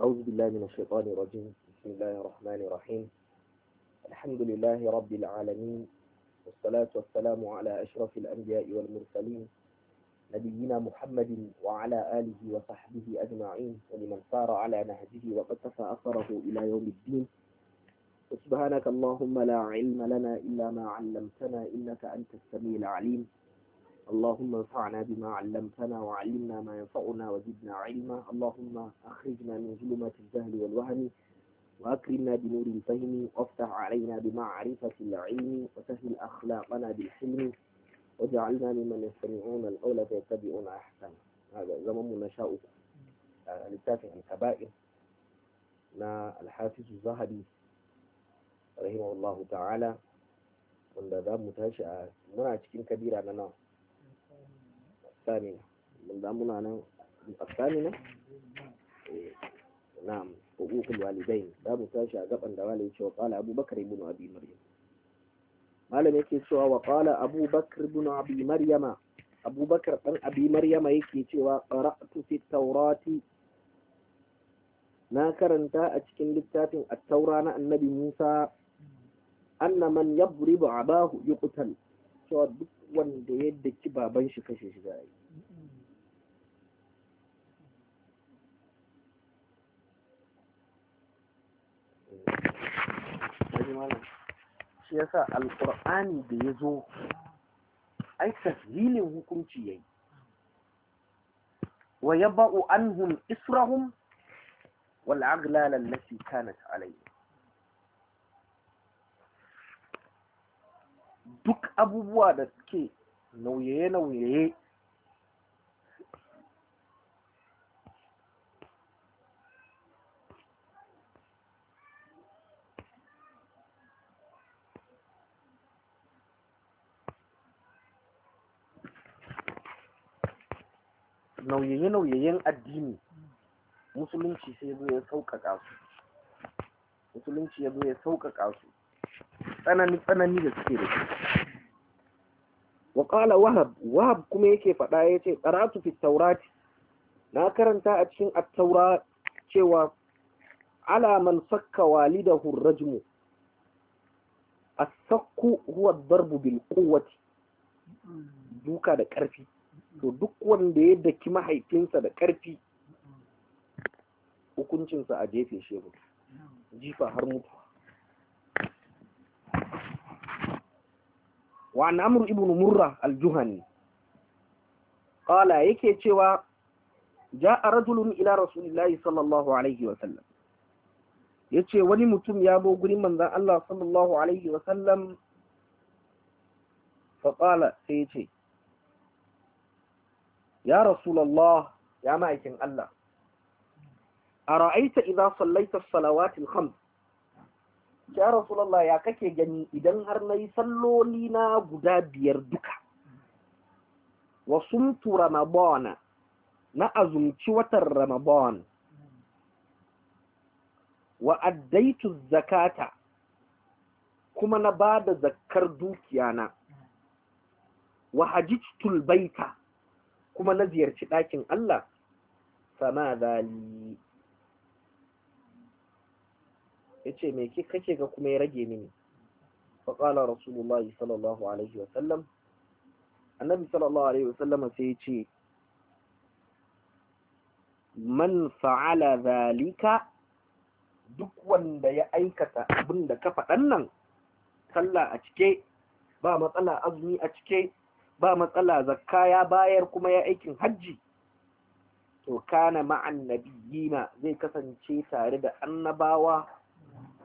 أعوذ بالله من الشيطان الرجيم بسم الله الرحمن الرحيم الحمد لله رب العالمين والصلاة والسلام على أشرف الأنبياء والمرسلين نبينا محمد وعلى آله وصحبه أجمعين ولمن سار على نهجه وقتفى أثره إلى يوم الدين سبحانك اللهم لا علم لنا إلا ما علمتنا إنك أنت السميع العليم اللهم انفعنا بما علمتنا وعلمنا ما ينفعنا وزدنا علما اللهم أخرجنا من ظلمات الجهل والوهم وأكرمنا بنور الفهم وافتح علينا بمعرفة العلم وسهل أخلاقنا بالحلم وجعلنا ممن يستمعون القول فيتبعون أحسن هذا زمن نشاء آه، للتاسع الكبائر نا الحافظ الذهبي رحمه الله تعالى wanda za mu tashi a لنا الثامنة من ضمن أنا الثامنة نعم حقوق الوالدين باب تاشا قبل دوالي وقال أبو بكر بن أبي مريم malam yake cewa wa qala abubakar ibn abi maryama abubakar dan abi maryama yake cewa qara'tu fi tawrati na karanta a cikin littafin at-taura na annabi Musa anna man yabribu abahu yuqtal cewa duk wanda ya daki baban shi kashe shi zai shi yasa alqur'ani da yazo ai tashilin hukunci yayi wa yaba'u anhum israhum wal aghlal allati kanat alayhi duk abubuwa da suke nauyaye-nauyaye nauyaye-nauyayen addini musulunci sai zo ya sauƙaƙa su musulunci ya zo ya sauƙaƙa su tsanani-tsanani da suke da su. wa ƙala wahab wahab kuma yake faɗa ya ce ƙaratu fi taurati na karanta a cikin attaura cewa ala man sakka da rajmu a sakku huwa barbu bil kowace duka da ƙarfi to duk wanda ya daki mahaifinsa da ƙarfi hukuncinsa a jefe shi jifa har mutu wa an ibn murra aljuhani juhani yake cewa ja a rajulun ila rasulillahi sallallahu alaihi wa sallam ce, wani mutum ya bo guri manzan Allah sallallahu alaihi wa fa qala sai ce. ya rasulallah ya ma'aikin Allah a ra'aita idan sallaita salawatin khams ya rasulallah ya kake gani idan har na yi salloli na guda biyar duka wa sumtu ramadana na azumci watan ramadan wa addaitu zakata kuma na ba bada zakkar dukiyana wa hajjitul baita kuma na ziyarci ɗakin Allah fama zali ya ce mai ke kake ga kuma ya rage mini faƙala rasulullah sallallahu alaihi wasallam annabi sallallahu alaihi wasallama sai ya ce man fa'ala zalika duk wanda ya aikata abin da ka faɗan nan sallah a cike ba matsala azumi a cike ba matsala zakka ya bayar kuma ya aikin hajji to kana ma'an nabiyina zai kasance tare da annabawa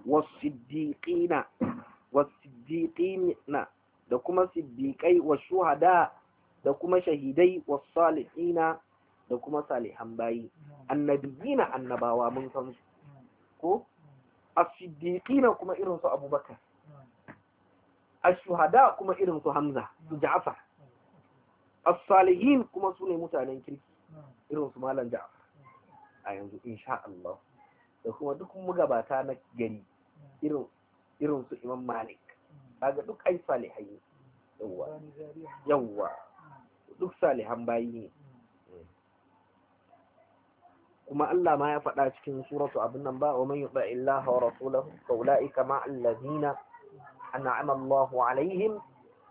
wasiddiqina wasiddiqina da kuma siddiqai Shuhada da kuma shahidai wasalihina da kuma salihan bayi annabiyina annabawa mun san su ko asiddiqina kuma irin su abubakar ashuhada shuhada kuma irin su hamza su ja'far as-salihin kuma sune mutanen kirki irin su malam ja'far a yanzu insha Allah da kuma duk magabata na gari irin irin su imam malik kaga duk ai salihai Yawa yawwa duk salihan bayi ne kuma Allah ma ya faɗa cikin suratu abin nan ba wa man yuta illaha wa rasulahu fa ulaika ma alladhina an'ama Allahu alaihim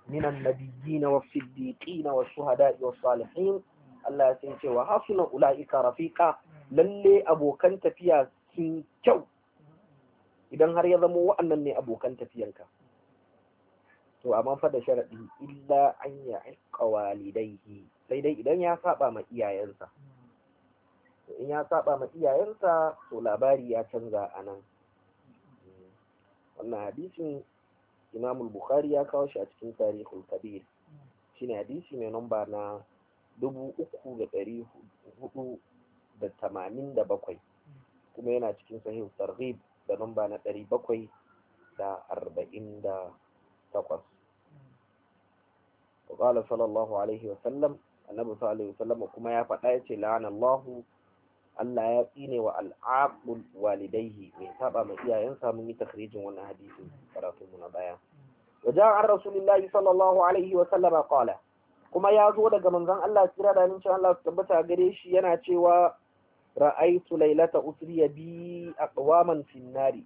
من النبيين والصديقين والشهداء والصالحين Allah ya san cewa hasunan ula'ika rafika, lalle abokan tafiya sun kyau idan har ya zama wa'annan ne abokan tafiyarka. to amma fa da sharadi illa an ya'iqa walidayhi sai dai idan ya saba ma iyayensa to in ya saba ma iyayensa to labari ya canza anan wannan hadisin imam bukhari ya kawo shi a cikin tarihul kabir ne hadisi mai nomba na 3,487 kuma yana cikin sahih targhib da nomba na 748. bakwai da arba'in alaihi wa sallam صلى الله عليه وسلم النبي صلى الله عليه وسلم كما يا فدا yace Allah ya tsine wa al'aqul walidaihi mai saba mai iyayensa mun yi takhrijin wani hadisin karatu mu baya wajen an rasulullahi sallallahu alaihi wa sallama kuma ya zo daga manzan Allah tsira da nincin Allah su tabbata gare shi yana cewa ra'aitu lailata usriya bi a aqwaman finnari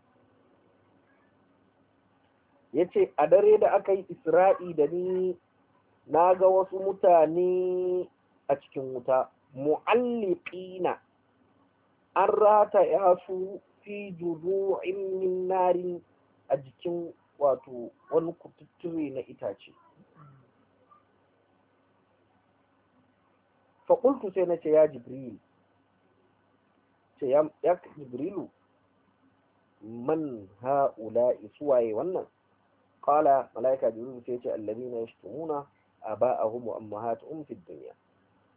ce, a dare da aka yi isra'i da ni na ga wasu mutane a cikin wuta mu'alliƙina an rata su fi juru'in min narin a jikin wato wani kututture na itace fakultu sai na ce ya jibril ce ya jibrilu man ha'ula wannan kala mala'ika jibril sai ce allabi na shi tumuna a ba'ahu mu'amma fi duniya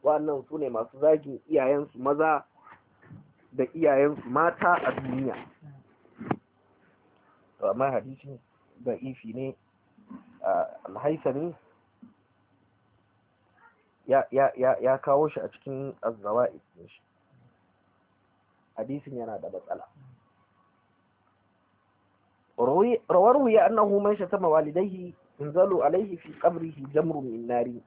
wa'annan su ne masu zagin iyayensu maza da iyayensu mata a duniya to amma hadisin da ifi ne alhaisa ne ya kawo shi a cikin azzawa shi hadisin yana da matsala rawar wuya annahu man shatama walidaihi inzalu alaihi fi qabrihi jamrun min nari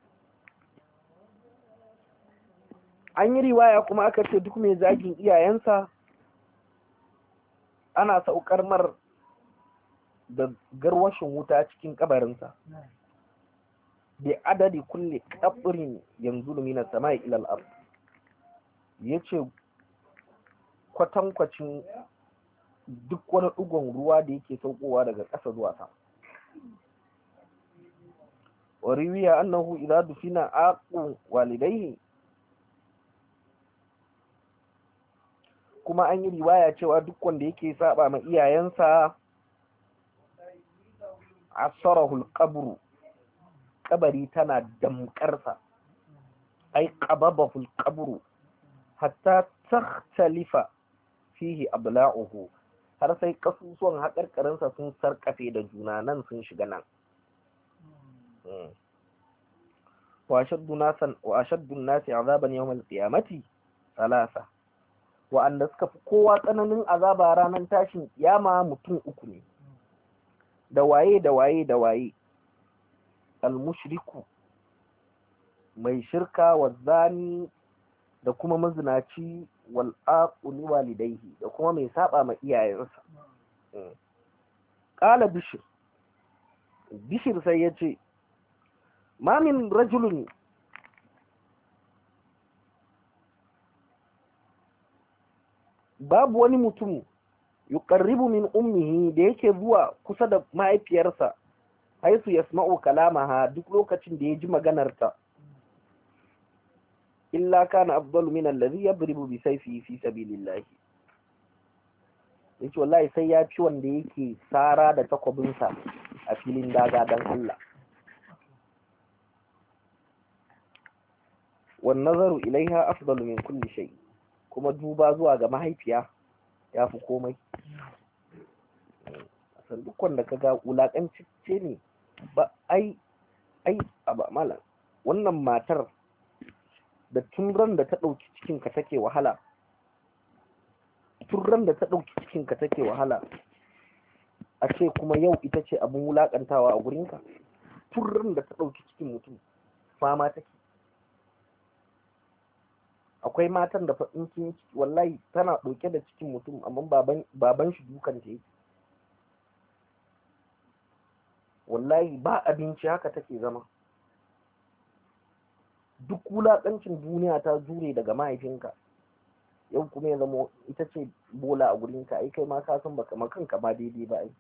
an yi riwaya kuma aka ce duk mai zagin iyayensa ana saukar mar da garwashin wuta cikin kabarinsa bi adadi kulle kaburin yanzu na sama ilal ard ya ce kwatankwacin duk wani ɗigon ruwa da yake saukowa daga ƙasa zuwa ta. wariwiya annahu idadu fina aqu walidai kuma an yi riwaya cewa duk wanda yake saba ma iyayensa asarahul qabru kabari tana damkarsa ai qababahul qabru hatta takhtalifa fihi abla'uhu har sai kasusuwan haƙarƙarinsa sun sarkafe da juna nan sun shiga nan hmm. wa ashaddu nasi azaban al qiyamati salasa wa'anda suka fi kowa tsananin azaba ranar tashin kiyama mutum uku ne da waye da waye da waye almushriku mai shirka wa zani da kuma mazinaci wal'aƙuni walidaihi da kuma mai saba ma iyayensa mm. Ƙala bishir bishir sai yace Mamin mamin rajulun babu wani mutum yuqarribu min ummihi da yake zuwa kusa da mahaifiyarsa haisu yasma'u kalamaha duk lokacin da ya ji maganarta illa kana afdalu min allazi yadribu bi sayfihi fi sabilillah yace wallahi sai ya fi wanda yake sara da takwabinsa a filin daga dan Allah wan nazaru ilaiha afdalu min kulli kuma duba zuwa ga mahaifiya ya fi komai sandukon da ka ga wulaƙancicce ne ba ai ai a ba malam wannan matar da tun ran da ta ɗauki cikinka take wahala tun ran da ta ɗauki cikinka take wahala a ce kuma yau ita ce abin wulaƙantawa a gurinka tun ran da ta ɗauki cikin mutum fama take akwai matan da fa in wallahi tana ɗauke da cikin mutum amma baban baban shi dukan ta yake wallahi ba abinci haka take zama duk wulaƙancin duniya ta jure daga mahaifinka yau kuma ya zama ita ce bola a gurinka ai kai ma ka san baka ma ba daidai ba ai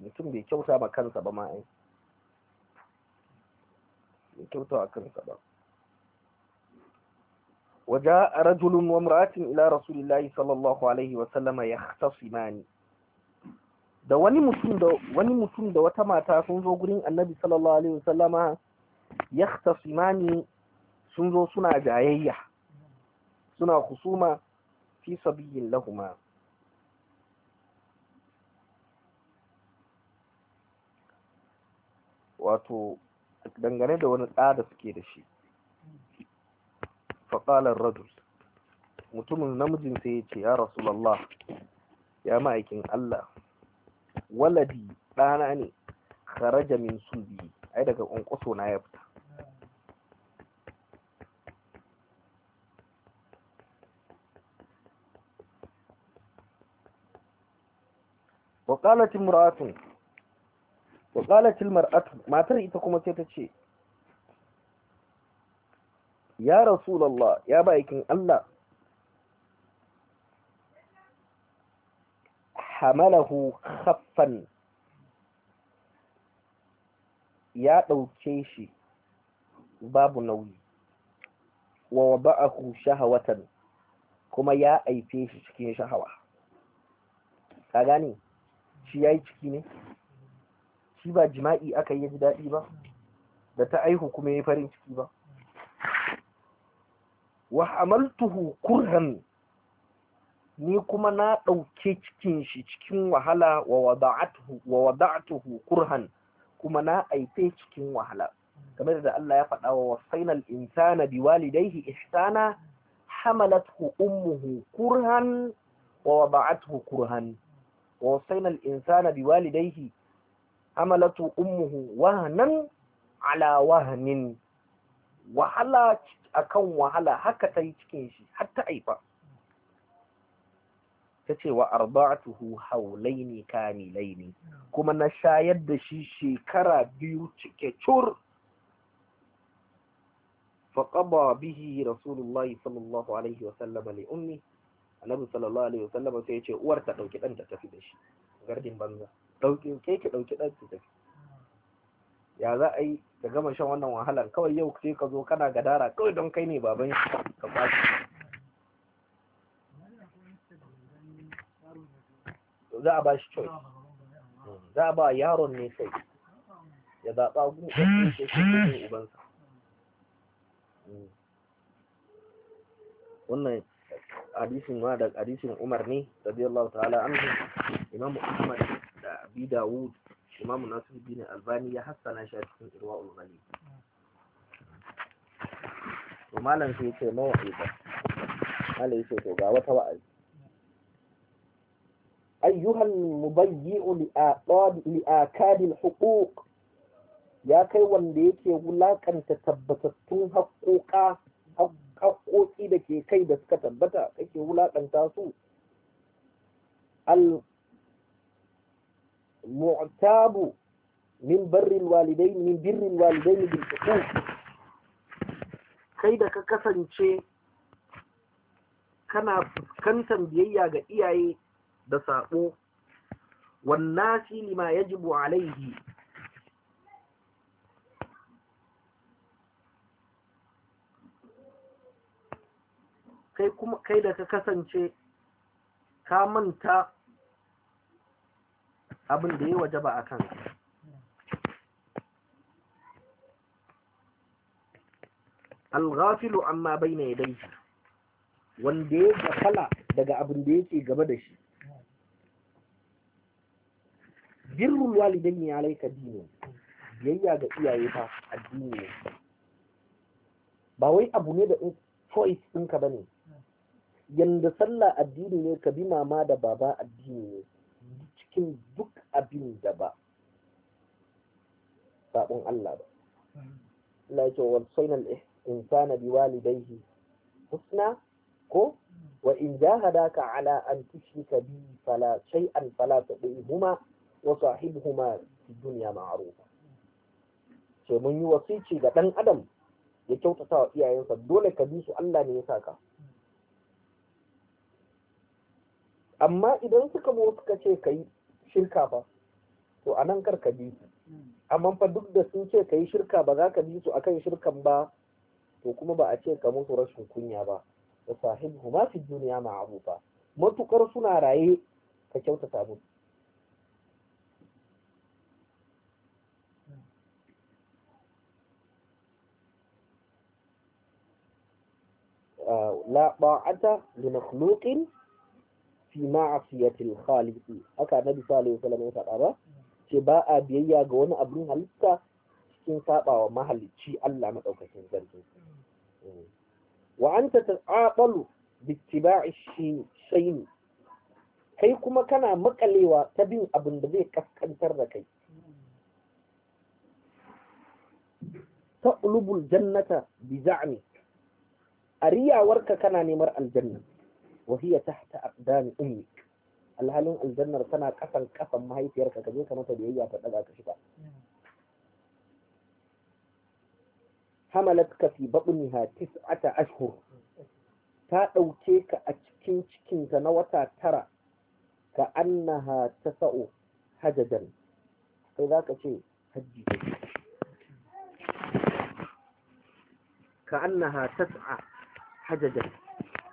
mutum bai kyauta ma kansa ba ma ai bai kyauta a kansa ba وجاء رجل وامرأة إلى رسول الله صلى الله عليه وسلم يختصمان da wani mutum da wani mutum da wata mata sun zo gurin annabi sallallahu alaihi wasallama yahtasimani sun zo suna jayayya suna husuma fi sabiyin lahuma wato dangane da wani tsada suke da shi faƙalar radul mutumin namijin sai ya ce ya rasulallah ya ma'aikin Allah waladi ɗana ne kharaja min subi ai daga ƙwanƙwaso na ya fita وقالت امرأة وقالت المرأة ما ترى ita kuma ce ta ce ya rasulallah ya bakin Allah hamalahu khaffan ya ɗauke shi babu nauyi wa wada'ahu shahawatan kuma ya aife shi cikin shahawa ka gane shi yayi ciki ne shi ba jima'i aka yi daɗi ba da ta aihu kuma yayi farin ciki ba wa hamaltuhu kurhan ni kuma na ɗauke cikin shi cikin wahala wa wada'atuhu kurhan kuma na aife cikin wahala kamar da Allah ya faɗa wa wasainal insana biwalidayhi ihsana hamalathu ummuhu kurhan wa wada'atuhu kurhan wa wasainal insana biwalidayhi hamalatu ummuhu wahnan ala wahnin wahala akan wahala haka ta yi cikin shi har ta aifa ta ce wa arba'atuhu haulaini kamilaini kuma na shayar da shi shekara biyu cike cur faqaba bihi rasulullahi sallallahu alaihi wa sallama li ummi annabi sallallahu alaihi wa sallama sai ya ce uwar ta dauki dan ta tafi da shi gardin banza dauki kai ki dauki dan ki tafi ya za a yi ka gama shan wannan wahalar kawai yau sai ka zo kana gadara kawai don kai ne baban shi ka kwaci za a ba shi choice za a ba yaron ne sai ya zaɓa gun ɗan shi shi ubansa wannan hadisin ma da hadisin Umar ne radiyallahu ta'ala anhu Imam Ahmad da Abi Dawud imam nasiruddin albani ya hassana shi a cikin irwa ulghali to malam sai ce nawa ba malam yace to ga wata wa'azi ayyuhan mubayyi'u li li'akad al-huquq ya kai wanda yake wulakanta tabbatattun haƙoƙa haƙoƙi da ke kai da suka tabbata kake wulakanta su al mu'tabu min barril walidain min birril walidain bil kai da ka kasance kana fuskantar biyayya ga iyaye da saƙo wannasi lima ma alaihi kai kuma kai da ka kasance ka manta abin da ya ba a kan. al alghafilu amma mai yadayhi wanda ya gafala daga abin da yake gaba da shi birrul walidayni alayka dinu biyayya ga iyaye addini ne ba wai abu ne da choice ɗinka ne. yanda sallah addini ne ka bi mama da baba addini ne cikin duk abin da ba sabon Allah ba Allah ya ce wa sainal insana husna ko wa in jahadaka ala an tushrika bi fala shay'an fala tudihuma wa sahibhuma fi dunya ma'ruf sai mun yi wasici ga dan adam ya kyautata wa iyayensa dole ka bi su Allah ne ya saka amma idan suka bo suka ce kai shirka ba to a nan kar bi su amma fa duk da sun ce ka yi shirka ba za ka bi su akan shirkan ba to kuma ba a ce ka musu rashin kunya ba da sahib huma fi duniya ma'rufa matukar suna raye ka kyauta sabu ah, la ba'ata li fi ma'asiyatil khaliqi haka annabi sallallahu alaihi wasallam ya faɗa ba ce ba a biyayya ga wani abin halitta cikin sabawa mahalicci Allah daukakin sarki wa anta ta'aqalu bittiba'i shayni kai kuma kana makalewa ta bin abin da zai kaskantar da kai Ta ulubul jannata bi za'mi a riyawarka kana neman aljanna wa hiya tahta aqdami ummik alhalin aljannar tana kasan kasan mahaifiyarka ka je ka mata biyayya ta daga ka shiga hamalat ka fi batniha tis'ata ashhur ta ɗauke ka a cikin cikinta na wata tara ka annaha tasa'u hajadan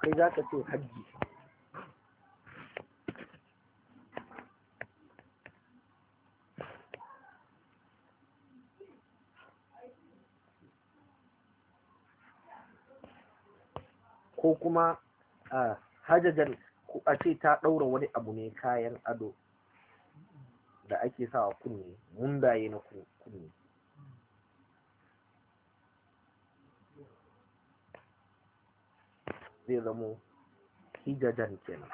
kai za ka ce hajji ko kuma hajjajar a ce ta ɗaura wani abu ne kayan ado da ake sawa kunne mundaye na kunne zai zamo hijajan kenan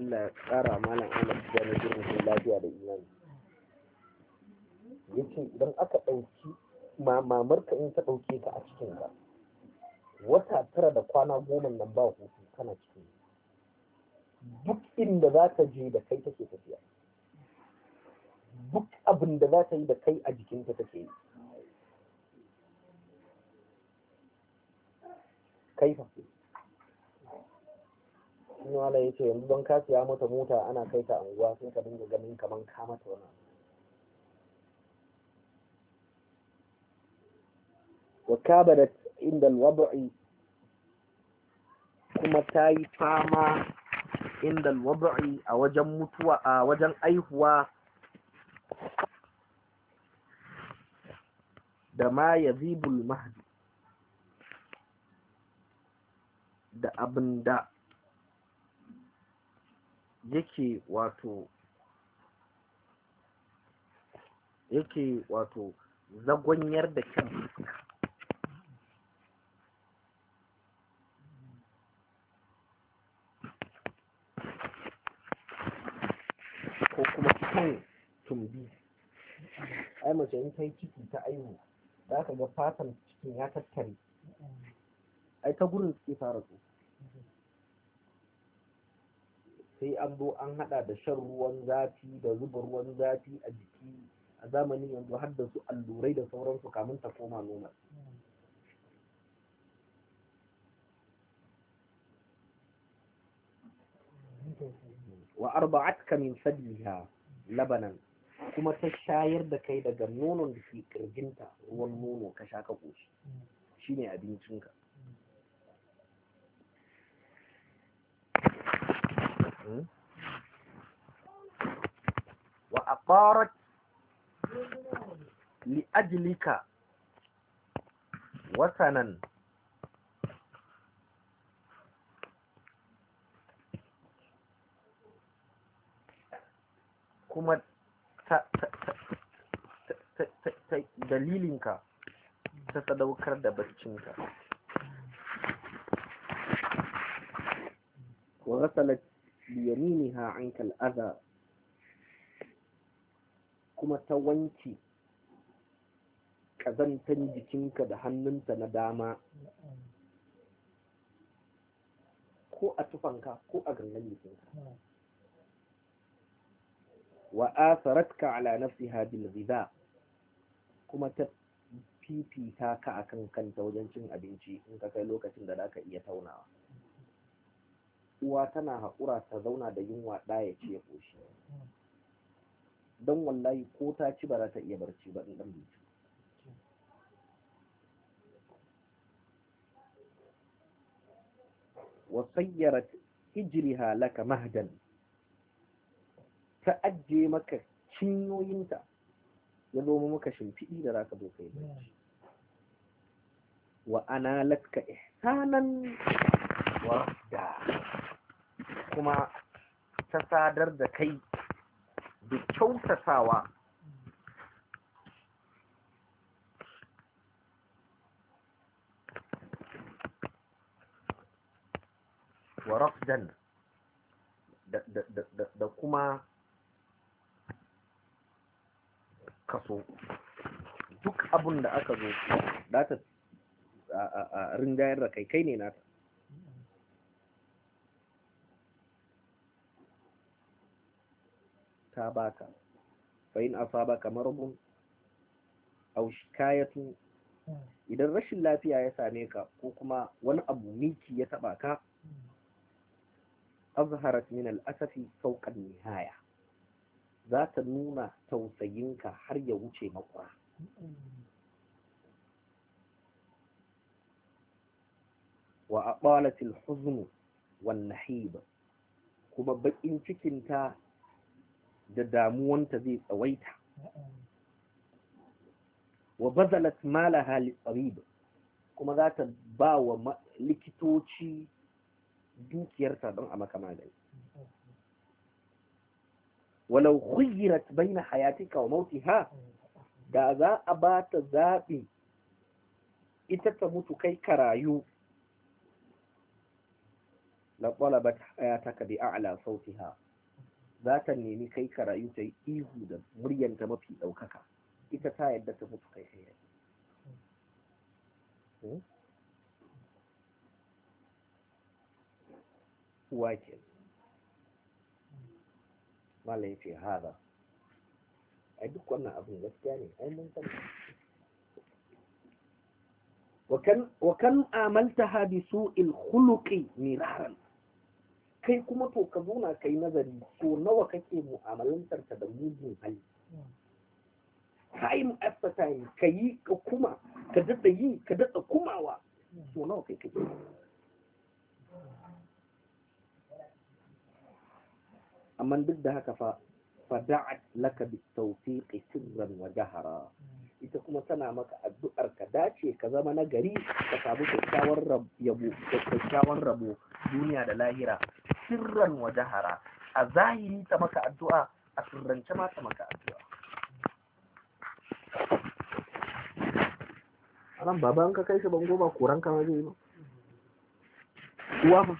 Allah ya tsara malam Ahmad da na jirgin lafiya da imani yace idan aka ɗauki mamarka in ta ɗauke ka a cikin ba, wata tara da kwana goma nan ba hutu kana cikin duk inda za ta je da kai take tafiya duk abin da za ta yi da kai a jikinta take yi kaifa shi wala ya ce yanzu don ka siya mata mota ana kai ta anguwa sai ka dinga ganin kaman ka mata wani وكابرت عند inda كما kuma ta fama inda alwad'i a wajen mutuwa a wajen aihuwa da ma yazibul mahdi da abin yake wato yake wato zagwanyar da kyan kan tumbi ai mace in ta yi ciki ta aihu za ka ga fatan cikin ya tattare ai ta gurin suke fara su sai an zo an hada da shan ruwan zafi da zuba ruwan zafi a jiki a zamanin yanzu har da su allurai da sauransu kamun ta koma noma wa arba'atka min sadiha labanan kuma ta shayar da kai daga nonon da ke kirginta ruwan nono ka sha ka koshi shine abincinka hmm? wa aparat li li'ajilika wasanan kuma ta dalilinka ta sadaukar da barcinka. wa biyaminiha an kal'aza kuma ta wanke ƙazantan jikinka da hannunta na dama ko a tufanka ko a gangan jikinka wa asaratka ala nafsiha bil ghidha kuma ta fifita ka akan kanta wajen cin abinci in ka kai lokacin da zaka iya taunawa uwa tana haƙura ta zauna da yunwa da ya ce ƙoshi dan wallahi ko ta ci ba ta iya barci ba in ɗan sayyarat hijriha laka mahdan ta ajiye maka cinyoyinta ya zo maka shimfiɗi da za ka zo kai bacci wa ana latka ihsanan wa da kuma ta sadar da kai da kyautatawa wa rafdan da kuma kaso duk abun da aka zo da ta ringayar da kai kai ne nata ta baka fa'in asabaka marabun aw shikayatu idan rashin lafiya ya same ka ko kuma wani abu miki ya taba ka azharat min al-asafi fawqa nihaya za ta nuna tausayinka har ya wuce makwa wa aqalatil huznu wan nahib kuma bakin cikinta da damuwanta zai tsawaita wa bazalat malaha litarib kuma za ta ba wa likitoci dukiyarta don a maka magani walau khuyyirat baina hayatika wa mautiha da za a ba ta zaɓi ita ta mutu kai ka rayu la talabat hayataka bi a'la sautiha za ta nemi kai ka rayu ta yi ihu da muryarta mafi ɗaukaka ita ta yadda ta mutu kai kai rayu hmm? mala ya ce haza a duk wannan abin gaskiya ne ai mun san wa kan ha bi su'il khuluqi miraran kai kuma to ka zauna kai nazari to nawa kake mu'amalantar ta da mugun hali time after time ka yi ka kuma ka daɗa yi ka daɗa kumawa to nawa kai kake amma duk da haka fa fada'at laka tawfiqi sirran wa jahara ita kuma tana maka addu'ar ka dace ka zama na gari ka samu kyakkyawar rabo kyakkyawar rabo duniya da lahira sirran wa jahara a zahiri ta maka addu'a a sirrance ma ta maka addu'a ran baban ka kai shi bango ba koran ka zai yi ba uwa ba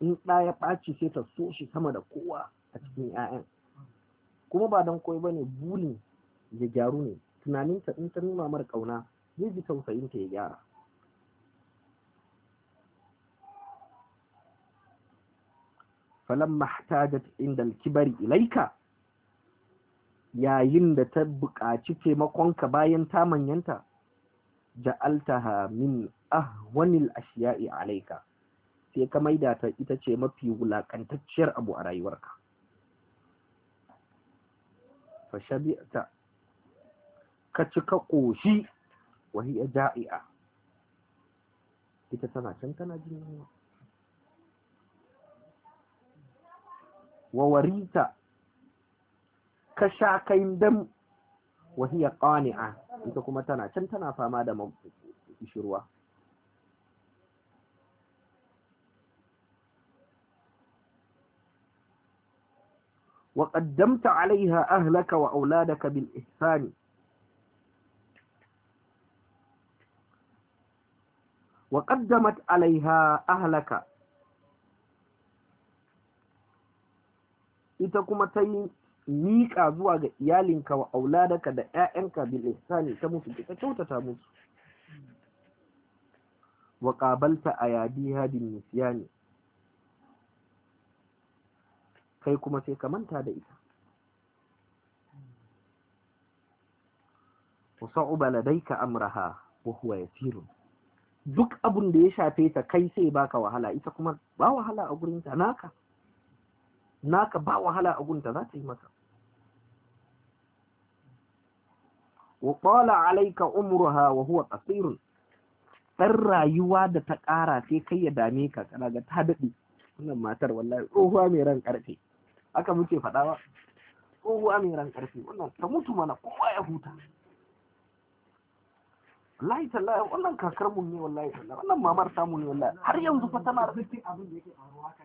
in ɗa ya ɓaci sai ta so shi sama da kowa a cikin 'ya'yan kuma ba don ba bane bulin ya gyaru ne tunaninta in ta nuna mara ƙauna zai ji tausayin ta ya gyara falamma ihtajat inda alkibari ilaika yayin da ta buƙaci taimakonka bayan ta manyanta ja'altaha min ahwanil ashiya'i alaika sai ka maida ta ita ce mafi wulaƙantacciyar abu a rayuwarka ta ka ci ka wa hiya ja'i'a ita tana can tana jin yunwa wa warita ka sha kai dam hiya qani'a ita kuma tana can tana fama da shirwa وقدمت عليها أهلك وأولادك بالإحسان وقدمت عليها أهلك ita kuma ta yi miƙa zuwa ga iyalinka wa auladaka da ƴaƴanka bil ihsani ta musu ta kyautata musu wa qabalta ayadiha bin nisyani kai kuma sai ka manta da ita wasa'uba ladaika amraha wa huwa yasir duk abun da ya shafe ta kai sai baka wahala ita kuma ba wahala a gurin ta naka naka ba wahala a gurin ta za ta yi maka wa qala alayka umruha wa huwa qasir dan rayuwa da ta ƙara sai kai ya dame ka kana ga ta dade wannan matar wallahi tsohuwa mai ran karfe haka muke faɗa ba Kowa mai ran ƙarfi wannan ta mutu mana kowa ya huta wallahi tallahi wannan kakar mu ne wallahi tallahi wannan mamar mu ne wallahi har yanzu fa tana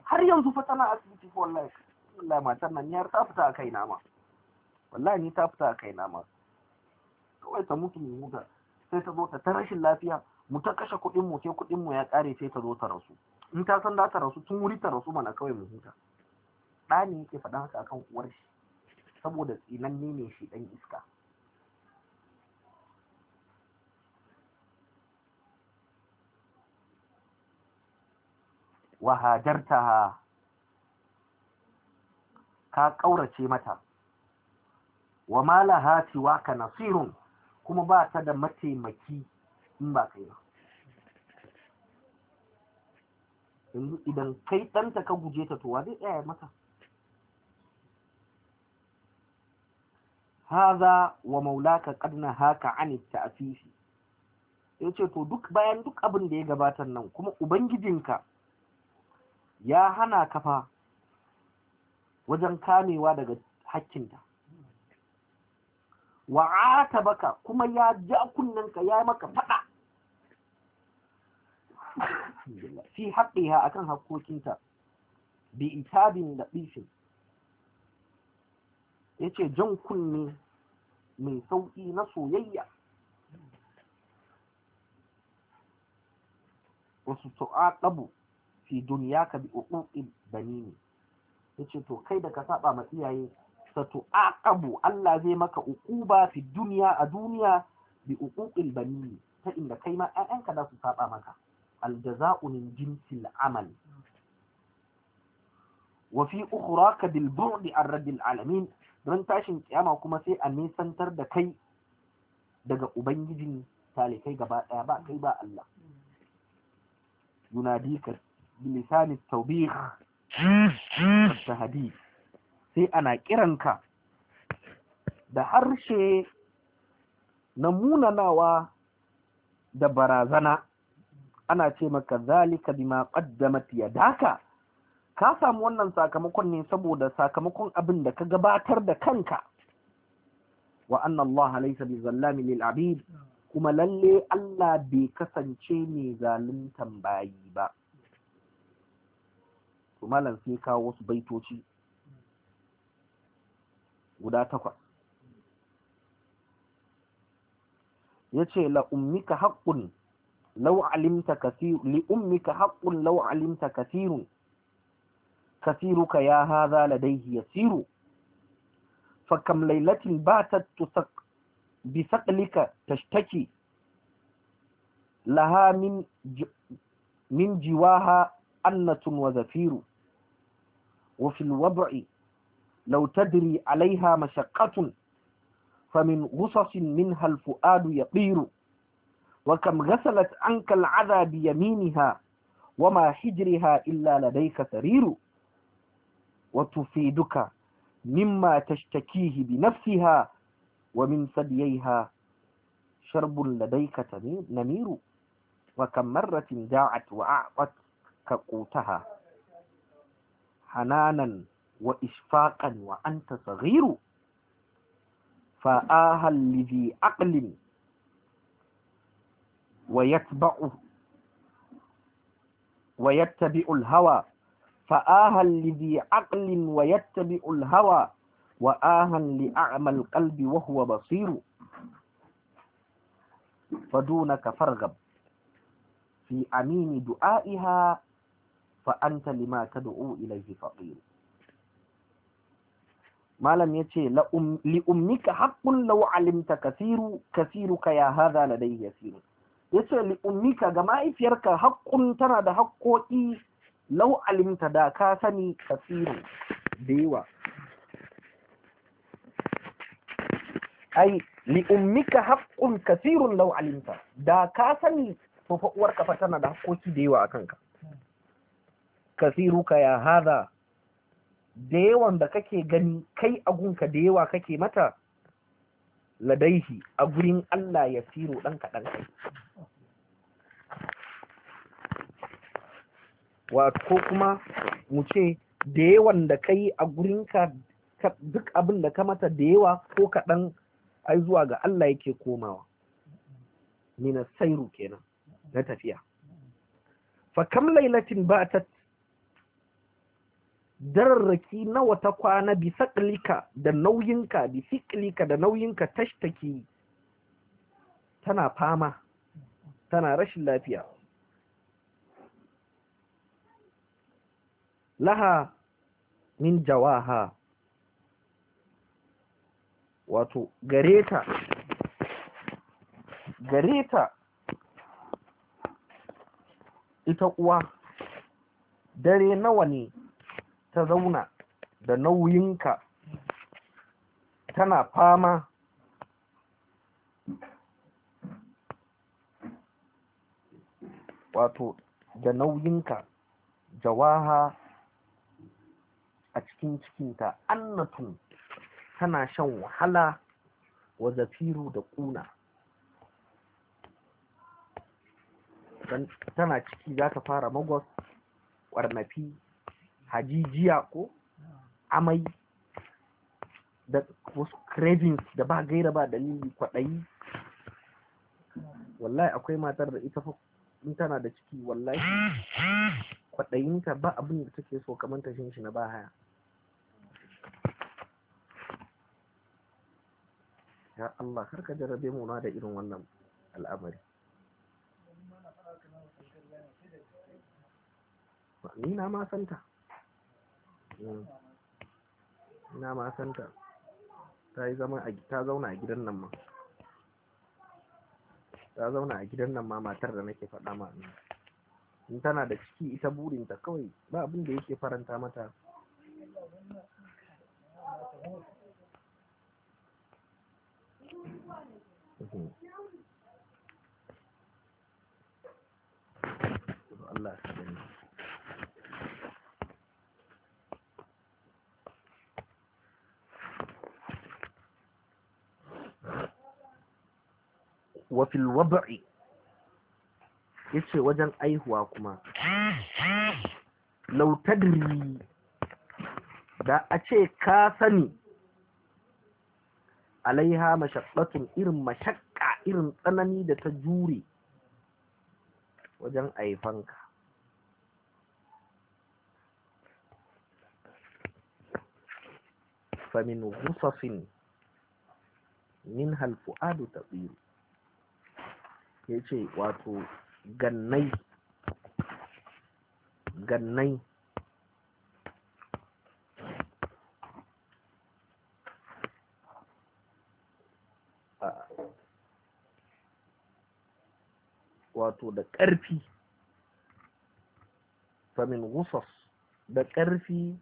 har yanzu fa tana asibiti ko wallahi wallahi matar nan yar ta fita a kai nama wallahi ni ta fita a kai nama kawai ta mutu mu huta sai ta zo ta ta rashin lafiya mu ta kashe kuɗin mu sai kuɗin mu ya ƙare sai ta zo ta rasu in ta san za ta rasu tun wuri ta rasu mana kawai mu huta ɗa ne yake faɗa haka akan uwar shi saboda tsinanne ne shi ɗan iska wahajarta ka ƙaurace mata wa malaha ka nasirun kuma ba ta da mataimaki in ba kai ba yanzu idan kai ɗanta ka guje ta to wa zai tsaya mata haza wa maulaka kadna haka ani ta'fifi yace to duk bayan duk abin da ya gabatar nan kuma ubangijinka ya hana kafa wajen kamewa daga hakkinta wa atabaka kuma ya ja kunnanka ya maka fada fi haqqiha akan hakkokinta bi itabin da bishin yace jan kunne mai sauƙi na soyayya wasu tu'aqabu fi ka bi uquqi banini yace to kai da ka saba ma iyaye sa tu'aqabu Allah zai maka ba fi duniya a duniya bi uquqil banini ta inda kai ma 'yayanka za su saba maka aljaza'u min jinsil amal wa fi ukhraka bil di ar alamin don tashin kiyama kuma sai a nisantar da kai daga ubangijin talikai gaba daya ba kai ba Allah yunadika bilisani taubih tahdi sai ana kiranka da harshe na munanawa da barazana ana ce maka zalika bima qaddamat yadaka ka samu wannan sakamakon ne saboda sakamakon abin da ka gabatar da kanka wa annan Allah laysa bi zallami lil abid kuma lalle Allah bai kasance mai zaluntan bayi ba to malam sai kawo wasu baitoci guda takwas yace la ummika haqqun law alimta li ummika haqqun law alimta كثيرك يا هذا لديه يسير فكم ليلة باتت تسق بثقلك تشتكي لها من ج... من جواها أنة وزفير وفي الوضع لو تدري عليها مشقة فمن غصص منها الفؤاد يطير وكم غسلت عنك العذا بيمينها وما حجرها إلا لديك سرير وتفيدك مما تشتكيه بنفسها ومن ثدييها شرب لديك نمير وكم مرة جاعت وأعطت كقوتها حنانا وإشفاقا وأنت صغير فآها الذي عقل ويتبع ويتبع الهوى فآها لذي عقل ويتبع الهوى وآها لأعمى القلب وهو بصير فدونك فارغب في أمين دعائها فأنت لما تدعو إليه فقير malam ya ce li'ummika haƙƙun lau alimta kasiru kasiruka ya haza ladai yasiru ya ce li'ummika ga mahaifiyarka haƙƙun tana da haƙƙoƙi lau alimta da ka sani kasiru da yawa ai li ummika haqqun kasirun lau alimta da ka sani to fa tana da hakkoki da yawa akan ka kasiruka ya hada da yawan da kake gani kai agunka da yawa kake mata ladaihi a gurin Allah ya siro ɗan kaɗan ko kuma mu ce da yawan da ka yi a gurinka duk abin da ka mata da yawa ko kaɗan ai zuwa ga Allah yake komawa mina sairu kenan na tafiya fa kam lailatin batat dararraki nawa ta kwana bi saƙilika da nauyinka bi fiƙilika da nauyinka tashtaki tana fama tana rashin lafiya laha min jawaha wato gareta gareta ita uwa dare nawa ne ta zauna da nauyinka tana fama wato da nauyinka jawaha a cikin cikinta annatun tana shan wahala wa zafiru da kuna tana ciki za ta fara magos ƙwarnafi hajijiya ko amai da wasu cravings da ba gaira ba dalili kwaɗayi wallahi akwai matar da ita fa in tana da ciki wallahi kwaɗayinta ba abin da take so kamar ta shi na ba haya ya Allah kar ka jarabe mu na da irin wannan al'amari ni na ma santa hmm. na ma santa ta yi zama ta zauna a gidan nan ma ta zauna a gidan nan ma matar da nake faɗa ma in tana da ciki ita burinta kawai ba abin da yake faranta mata Allah ya wafil waba'i wajen aihuwa kuma lautadri da a ce ka sani alaiha mashaqqatun irin mashakka irin tsanani da ta jure wajen aifanka famin gusafin min adu ta tsiru ya ce wato gannai gannai wato da ƙarfi famin wusas da ƙarfi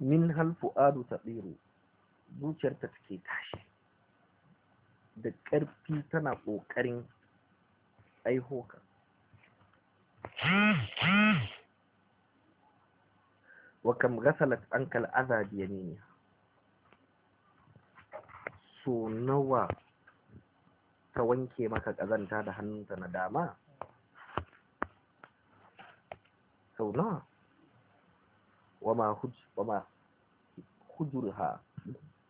min halfu adu ta ɗero zuciyarta take tashi da ƙarfi tana ƙoƙarin aihoka wa kam gasalat ankal azabi yaminiya so nawa ta wanke maka ƙazanta da hannunta na dama sau nawa wama hujurha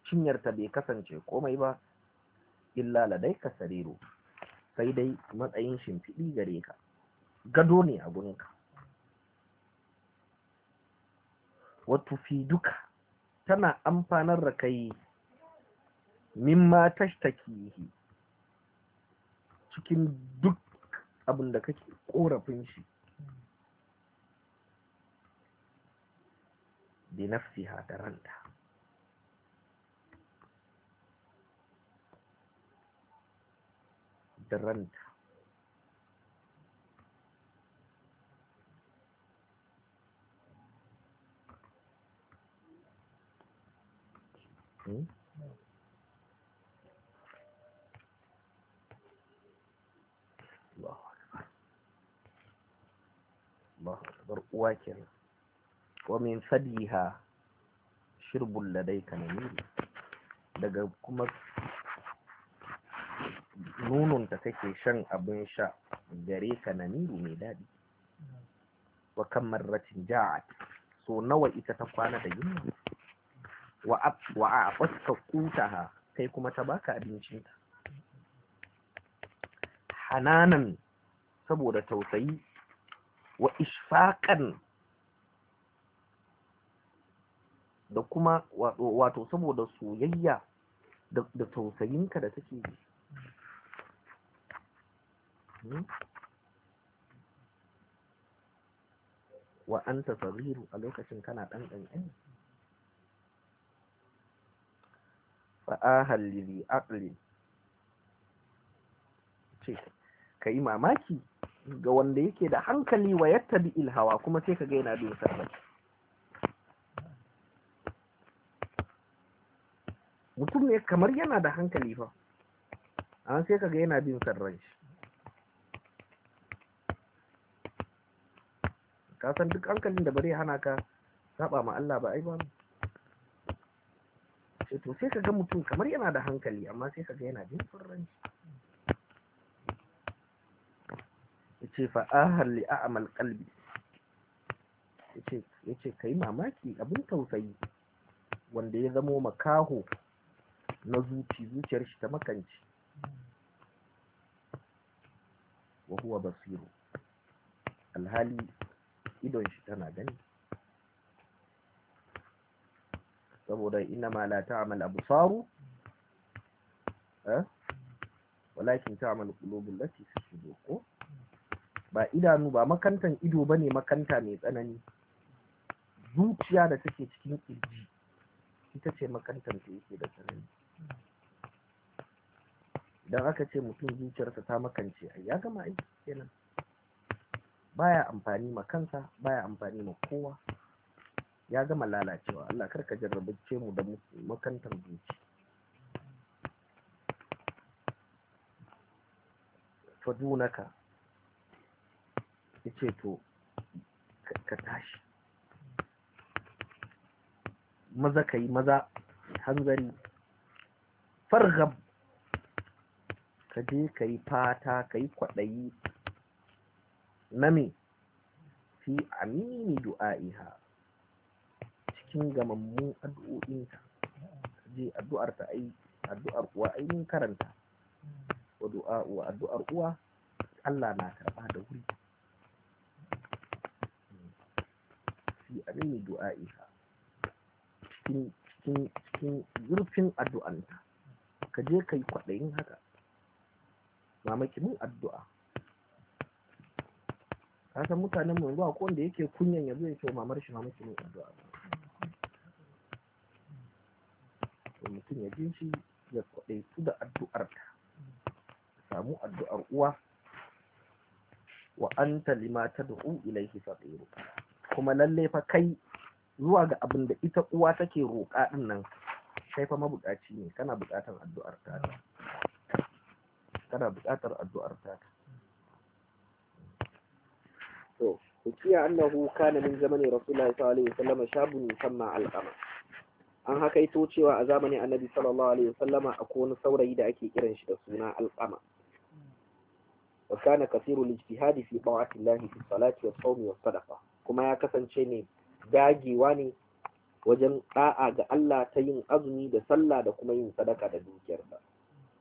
cinyarta bai kasance komai ba illa ladai ka sarero sai dai matsayin shimfiɗi gare ka gado ne a gurinka wato fi duka tana amfanar da kai mimma tashtaki cikin duk abin da kake korafin shi bi nafsiha da ranta da ranta Mm-hmm. bar akbar uwa kenan wa min fadiha shirbul ladayka namiri daga kuma nunun ta take shan abin sha gare ka namiru mai daɗi wa kan marratin ja'at so nawa ita ta kwana da yunwa wa a wa kutaha kai kuma ta baka abincinta hananan saboda tausayi wa ishfaqan da kuma wato saboda soyayya da tausayinka da take yi hmm? wa anta sabiru a lokacin kana ɗan ɗan fa'ahal lili aqli ce ka yi mamaki ga wanda yake da hankali wa yatta bi ilhawa kuma sai kaga yana bin sarrafi. mutum ne kamar yana da hankali fa an sai ka gaina bin sarrai ka san duk hankalin da bare hana ka saba ma Allah ba ai ba eh, to sai ga mutum kamar yana da hankali amma sai ka gaina bin sarrai yace fa ahar li a'mal yace ka yi mamaki abin tausayi wanda ya zamo makaho na zuci zuciyar shi ta makanci wa huwa basiru alhali idon shi tana gani saboda ina ma la ta'mal absaru eh walakin ta'mal qulubul lati fi sudur ba idanu ba makantan ido bane makanta mai tsanani zuciya da take cikin kirji ita ce makantan ta yake da tsanani idan aka ce mutum zuciyarsa ta makance ai ya gama aiki kenan baya amfani ma kansa baya amfani ma kowa ya gama lalacewa Allah kar karka ce mu da makantar zuci fadunaka yace to ka tashi maza ka maza hanzari farghab ka je ka fata ka yi kwaɗayi na fi amini du'a'iha cikin gamammu addu'o'inka je addu'ar ta ai addu'ar uwa ai karanta wa du'a wa addu'ar uwa Allah na karba da wuri fi arini du'a'iha cikin cikin cikin zurfin addu'anta ka je kai kwaɗayin haka mamaki mun addu'a ka san mutanen mu yanzu akwai wanda yake kunyan yanzu ya ce mamar shi mamaki mun addu'a mutum ya ji shi ya su da addu'arta samu addu'ar uwa wa anta lima tad'u ilayhi faqir kuma lalle fa kai zuwa ga abin da ita uwa take roƙa din nan kai fa mabuƙaci ne kana buƙatar addu'ar ta kana buƙatar addu'ar ta to kiya annahu kana min zamanin rasulullahi sallallahu alaihi wasallam shabun musamma alqama an hakaito cewa a zamanin annabi sallallahu alaihi wasallam akwai wani saurayi da ake kiran shi da suna alqama وكان كثير الاجتهاد في fi salati wa sawmi wa sadaqah kuma ya kasance ne dagewa ne wajen da'a ga Allah ta yin azumi da sallah da kuma yin sadaka da dukiyarsa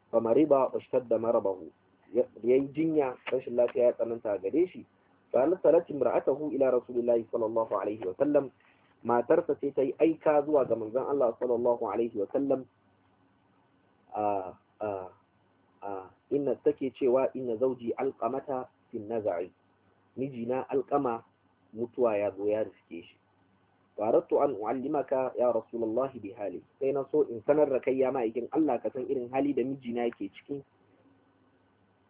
fa mariba da marabahu yi jinya rashin lafiya ya tsananta gare shi fa arsalat imra'atahu ila rasulillahi sallallahu alaihi wa sallam matarsa sai ta yi aika zuwa ga manzon Allah sallallahu alaihi wa sallam a a a inna take cewa inna zauji alqamata fin nazari mijina alqama mutuwa ya zo ya riske shi faratu an u'allimaka ya rasulullah bi hali sai na so in sanar da kai ya ma'aikin Allah ka san irin hali da mijina yake ciki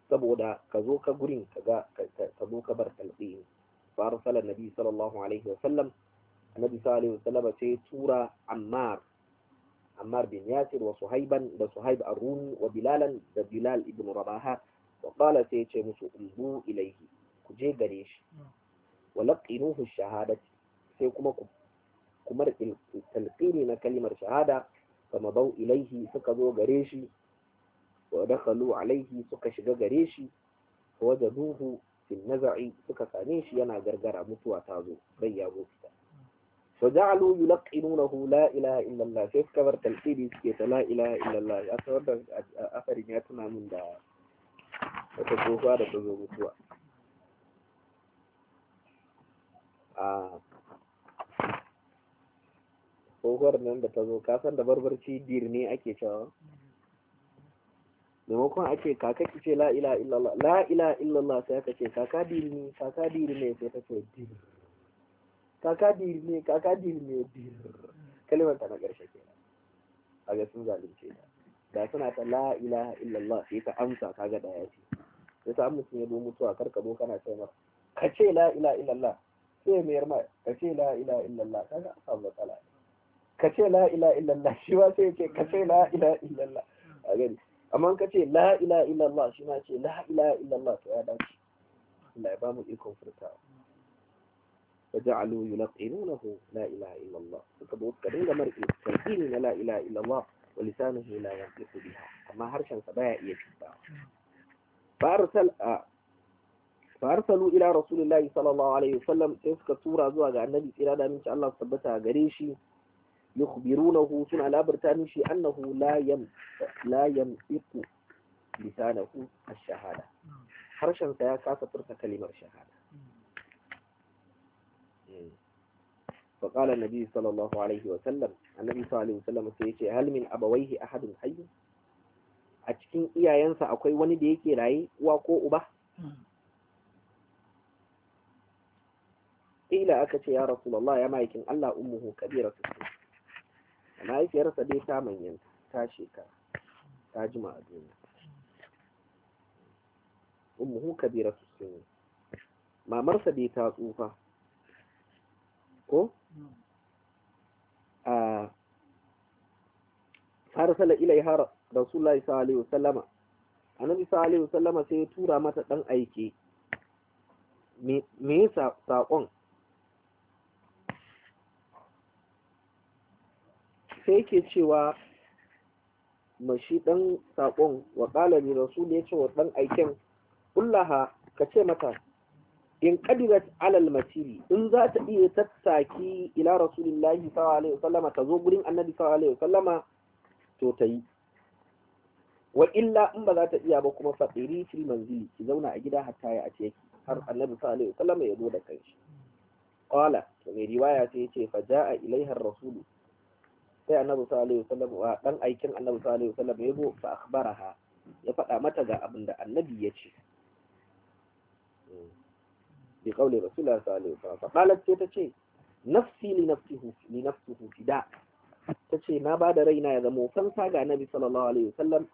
saboda ka zo ka gurin ka ga ka zo ka bar talqini farsala nabi sallallahu alaihi wa sallam annabi sallallahu alaihi wa sallam sai tura ammar ammar bin yasir wa suhaiban da suhaib arun wa bilalan da bilal ibn rabaha wa qala sai ya ce musu umbu ilaihi ku je gare shi hmm. walaqinuhu shahadati sai kuma ku kuma talqini na kalimar shahada kama bau ilaihi suka zo gare shi wa dakhalu alaihi suka shiga gare shi wajaduhu fil nazai suka same shi yana gargara mutuwa ta zo bai ya zo fita فجعلوا يلقنونه لا ta إلا الله شوف كبر تلقيني سكيت لا إله ya tuna min da ta zo zo a tsohuwar nan da ta zo kasan da barbarci dir ne ake cewa maimakon ake kaka ki ce la'ila illallah la'ila illallah sai aka ce kaka dir ne kaka dir ne sai ta ce dir kaka dir ne kaka dir ne dir kalimar ta na karshe ke a ga sun zalunce ta da suna ta la'ila illallah sai ta amsa kaga da ya ce sai ta amsa ya zo mutuwa karka zo kana ce ka ce la'ila illallah sai mai yarma ka ce la ila illallah ka ga abu matsala ne ka ce la ila illallah shi ma sai ce ka ce la ila illallah a gani amma ka ce la ila illallah shi ma ce la ila illallah to ya dace Allah ya ba mu ikon furta na ja'alu yulaqinuhu la ila illallah suka bi ka dinga marke tarkini na la ila illallah wa lisanuhu la yanfiqu biya, amma harshen sa baya iya fitawa ba a fa arsalu ila rasulillahi sallallahu sai suka tura zuwa ga annabi tsira da minci Allah tabbata gare shi yukhbirunahu suna labarta mishi annahu la yam la yamtiku lisanahu ash-shahada harshen sa ya kasa furta kalimar shahada فقال النبي صلى الله عليه وسلم النبي صلى الله عليه وسلم سيئة هل من أبويه A cikin iyayensa akwai wani da yake raye uwa ko uba. ƙila aka ce ya rasulullah ya ma'aikin Allah ummuhu kabira sittin mahaifiyarsa dai ta manyanta ta shekara ta jima a duniya ummuhu kabira sittin mamarsa dai ta tsufa ko a farsala ilaiha rasulullah sallallahu alaihi wasallama annabi sallallahu alaihi wasallama sai ya tura mata dan aiki. me saƙon sai yake cewa mashi sakon saƙon wa ƙalali rasul ya ce wa dan aiken kullaha ka ce mata in qadirat alal masiri in za ta iya tattaki ila rasulillahi sallallahu alaihi ta zo gurin annabi sallallahu alaihi to ta yi wa illa in ba za ta iya ba kuma fadiri fil manzili ki zauna a gida hatta ya ace ki har annabi sallallahu alaihi ya zo da kanshi qala to riwaya sai yace fa jaa ilaiha ar-rasul sai annabi sallallahu alaihi wasallam dan aikin annabi sallallahu alaihi wasallam yabo fa akhbaraha ya faɗa mata ga abin da annabi ya ce bi qawli rasulullah sallallahu alaihi wasallam fa qalat ta ce nafsi li nafsihi li nafsihi fida ta ce na ba da raina ya zama fansa ga annabi sallallahu alaihi wasallam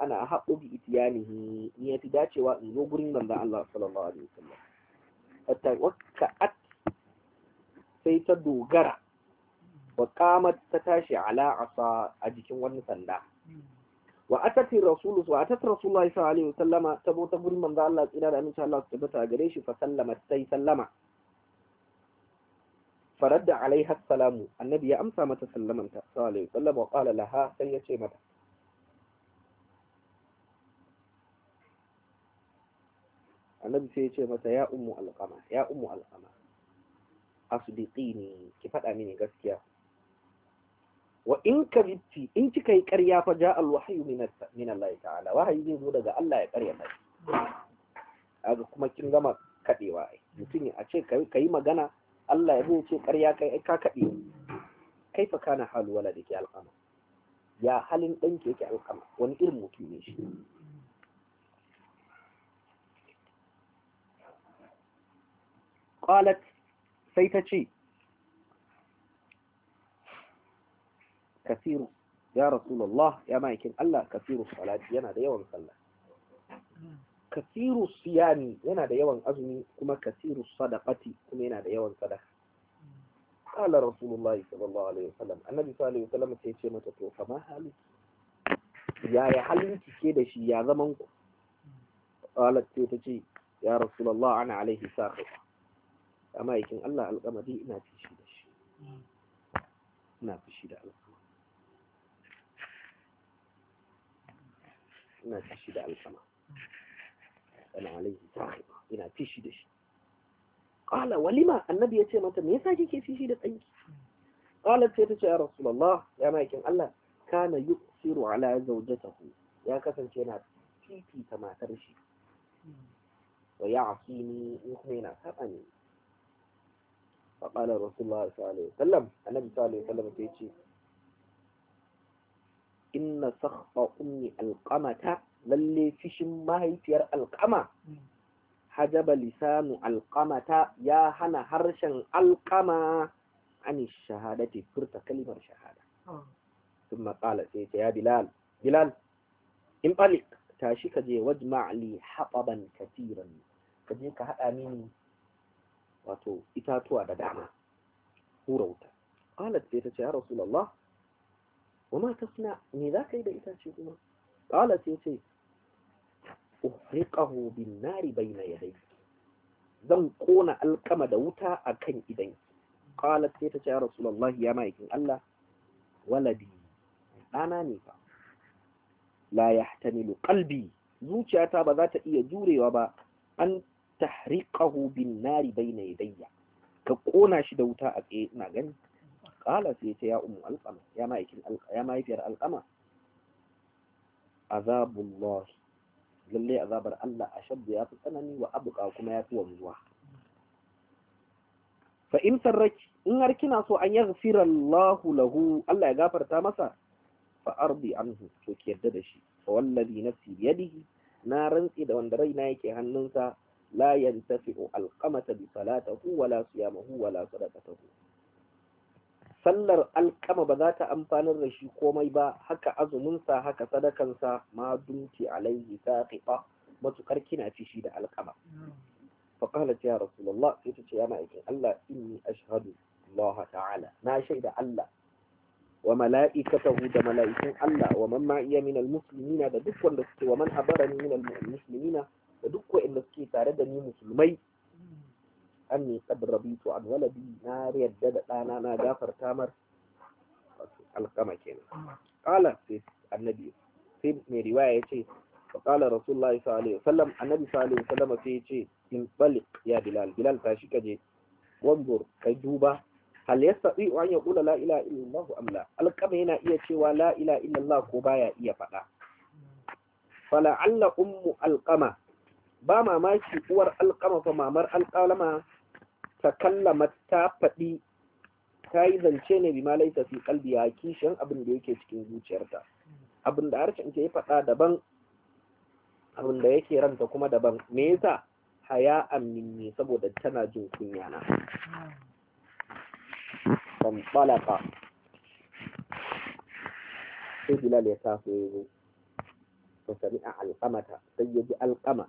ana haɓu bi itiyanihi ni ya fi dacewa in zo gurin manzo Allah sallallahu alaihi wasallam hatta at sai ta dogara wa qamat ta tashi ala asa a jikin wani sanda wa atat rasulu wa atat rasulullahi sallallahu alaihi wasallama ta bota gurin manzo Allah tsira da aminci Allah Ta tabbata gare shi fa sallama sai sallama faradda alaiha salamu annabi ya amsa mata sallamanta sallallahu alaihi wasallama wa qala laha sai ya ce mata annabi sai ya ce mata ya ummu alqama ya ummu alqama asdiqini ki faɗa mini gaskiya wa in karibti in kika yi ƙarya fa ja alwahyu min Allah ta'ala wahayi zai zo daga Allah ya ƙarya mai aga kuma kin gama kadewa ai mutum ya ce kai magana Allah ya zo ce ƙarya kai ai ka kade fa kana halu wala dake alqama ya halin dan ke yake alqama wani irin mutum ne shi qalat sai ta ce kasiru ya rasulullah ya ma'aikin Allah kasiru salati yana da yawan sallah kasiru siyami yana da yawan azumi kuma kasiru sadaqati kuma yana da yawan sadaka qala rasulullahi sallallahu alaihi wasallam annabi sallallahu alaihi wasallam sai ce mata to fa ma hali ya ya halin ke da shi ya zaman ku qalat ta ce ya rasulullah ana alaihi saqi Ya ma'aikin Allah alqamadi ina fishi da shi ina fishi da Allah ina tashi da alkama ana alaihi sahiba ina fishi da shi qala walima annabi ya ce mata me yasa kike fishi da tsanki ce ta ce ya rasulullah ya maikin Allah kana yusiru ala zawjatihi ya kasance yana titi fifita matar shi wa ya'sini in kuma yana saba ne فقال رسول الله صلى الله عليه Annabi النبي صلى الله عليه وسلم inna sakhfa ummi alqamata lalle fishin mahaifiyar alqama hajaba lisanu alqamata ya hana harshen alqama an shahadati furta kalimar shahada sun ah. maƙala sai ta ya bilal bilal in ɓali tashi ka je wajma li haɓaban kafiran ka je ka haɗa mini wato itatuwa da dama hura wuta ƙalat sai ta ce ya rasulallah wa ma tasna me za ka yi da itace kuma qala ce ce uhriqahu bin nari bayna yadayhi zan kona alkama da wuta akan idan qalat ce ta ce ya rasulullah ya ma'aikin Allah waladi ɗana ne fa la yahtamilu zuciyata ba za ta iya jurewa ba an tahriqahu bin nari bayna yadayya ka kona shi da wuta a tsaye ina gani qala sai ce ya ummu ya mahaifiyar alqama azabullah lalle azabar Allah ashaddu ya fi tsanani wa abqa kuma ya fi wanzuwa fa in sarraki in har kina so an yaghfira Allah lahu Allah ya gafarta masa fa ardi anhu to ki yarda da shi fa wallazi nafsi biyadihi na rantsi da wanda raina yake hannunsa la yantafi'u alqamata bi salatahu wala siyamahu wala sadaqatahu sallar alkama ba za ta amfanar da shi komai ba haka azuminsa haka sadakansa ma dunki alaihi saqiqa matukar kina fishi da alkama fa qalat ya rasulullah sai ta ce ya ma'aikin Allah inni ashhadu Allah ta'ala na shaida Allah wa mala'ikatahu da mala'ikun Allah wa man ma'iya min almuslimina da duk wanda suke wa man habarani min almuslimina da duk wanda suke tare da ni musulmai anni qad rabitu an waladi na yadda da ɗana na gafarta mar alkama kenan qala sai annabi sai mai riwaya yace fa qala rasulullah sallallahu alaihi wasallam annabi sallallahu alaihi wasallam sai yace in balik ya bilal bilal tashi kaje wanzur kai duba hal yastati an yaqula la ilaha illallah am la alkama yana iya cewa la ilaha illallah ko baya iya faɗa fala alla ummu alqama ba mamaki uwar alqama fa mamar alqalama ta kallama ta faɗi ta yi zance ne bi malai ta fi kalbi ya kishin abin da yake cikin zuciyarta abin da harshen ta faɗa daban abin da yake ranta kuma daban me yasa haya ne saboda tana jin kunya na ban balaka sai bilal ya tafi yanzu ta sami a alkamata sai ya ji alƙama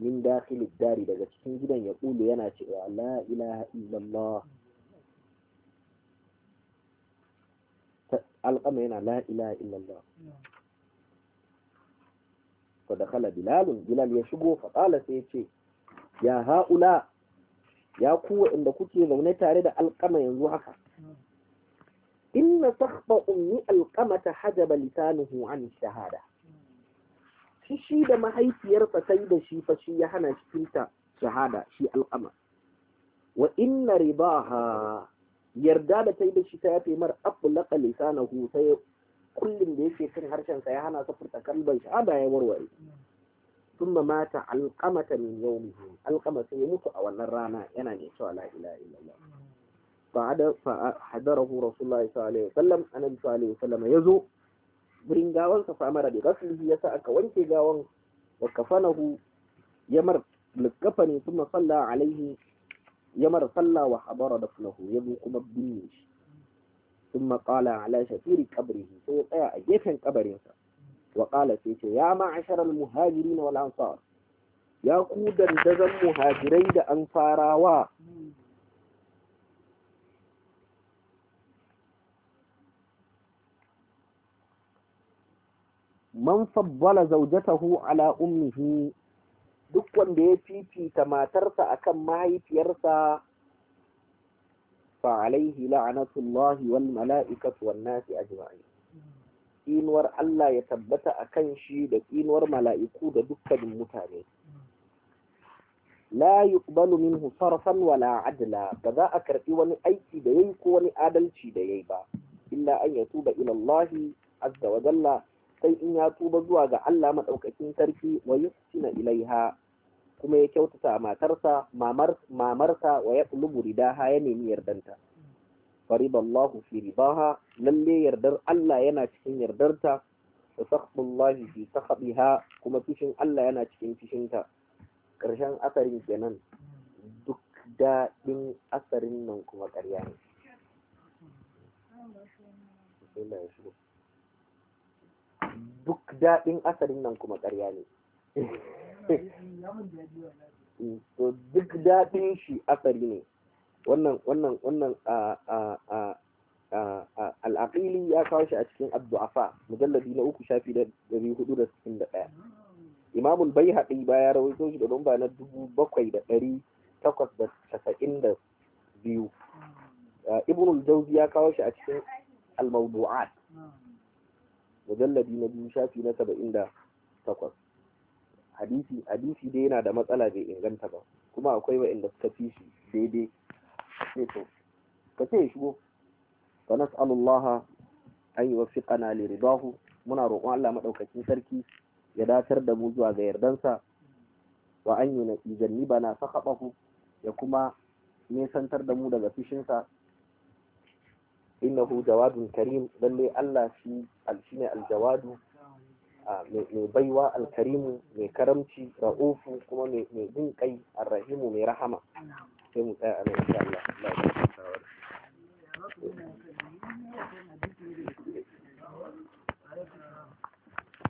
min dakhil dari daga cikin gidan ya kulu yana cewa la ilaha illallah alƙama yana la ilaha illallah fa dakhala bilalun bilal ya shigo fa qala sai ya ce ya haula ya ku inda kuke zaune tare da alƙama yanzu haka inna takhba ummi alqamata hajaba lisanuhu an shahada shi shi da mahaifiyarsa ta yi da shi fa shi ya hana cikin ta shahada shi al'ama wa inna ribaha yarda da ta yi da shi ta yafe mar abulaka lisanahu sai kullum da yake cin harshensa ya hana sa furta kalban shahada ya warware ثم مات علقمة من يومه علقمة يموت أولا رانا أنا نشوى لا إله إلا الله فحضره رسول الله صلى الله عليه وسلم أنا صلى wurin gawansa famara bi ghaslihi yasa aka wanke gawan wa kafanahu yamar likafani kuma salla alaihi yamar salla wa habara dafnahu yazo kuma binne shi ثم ala shafiri شفير sai ya tsaya a gefen sa wa qala sai ce ya ma'ashar al wal ansar ya ku dandazan muhajirai da an fara wa. man faddala zaujatahu ala ummihi duk wanda ya fifita matarsa akan mahaifiyarsa fa alaihi la'anatullahi wal mala'ikatu wan nasi ajma'in inuwar Allah ya tabbata akan shi da inuwar mala'iku da dukkanin mutane la yuqbalu minhu sarfan wala adla ba za a karbi wani aiki da yayi ko wani adalci da yayi ba illa an yatuba ila Allah azza wa jalla sai in ya tuba zuwa ga Allah maɗaukakin sarki wa yusina ilaiha kuma ya kyautata matarsa mamar mamarsa wa ya qulubu ridaha ya nemi yardanta fariballahu fi ribaha lalle yardar Allah yana cikin yardarta wa sakhbullahi fi sakhbiha kuma fishin Allah yana cikin fishinta karshen asarin kenan duk daɗin asarin nan kuma ƙarya ne duk daɗin asalin nan kuma ƙarya ne to duk daɗin shi asali ne wannan wannan wannan a a a al'aqili ya kawo shi a cikin abdu'afa mujalladi na uku shafi da ɗari hudu da sittin da ɗaya imamul bai haɗi ba ya rawaito shi da lamba na dubu bakwai da ɗari takwas da casa'in da biyu ibnul jauzi ya kawo shi a cikin al-mawdu'at mujalladi na biyu shafi na saba'in da takwas hadisi hadisi dai yana da matsala bai inganta ba kuma akwai wa inda suka fi shi daidai sai to ka ce ya shigo fa nas'alullah an yuwaffiqana li ridahu muna roƙon Allah madaukakin sarki ya datar da mu zuwa ga yardansa wa an yuna ijanni bana sakhabahu ya kuma nesantar da mu daga fishinsa innahu jawadun karim lalle Allah shi alshine aljawadu mai baiwa alkarimu mai karamci ra'ufu kuma mai jin kai arrahimu mai rahama sai mu tsaya a nan insha Allah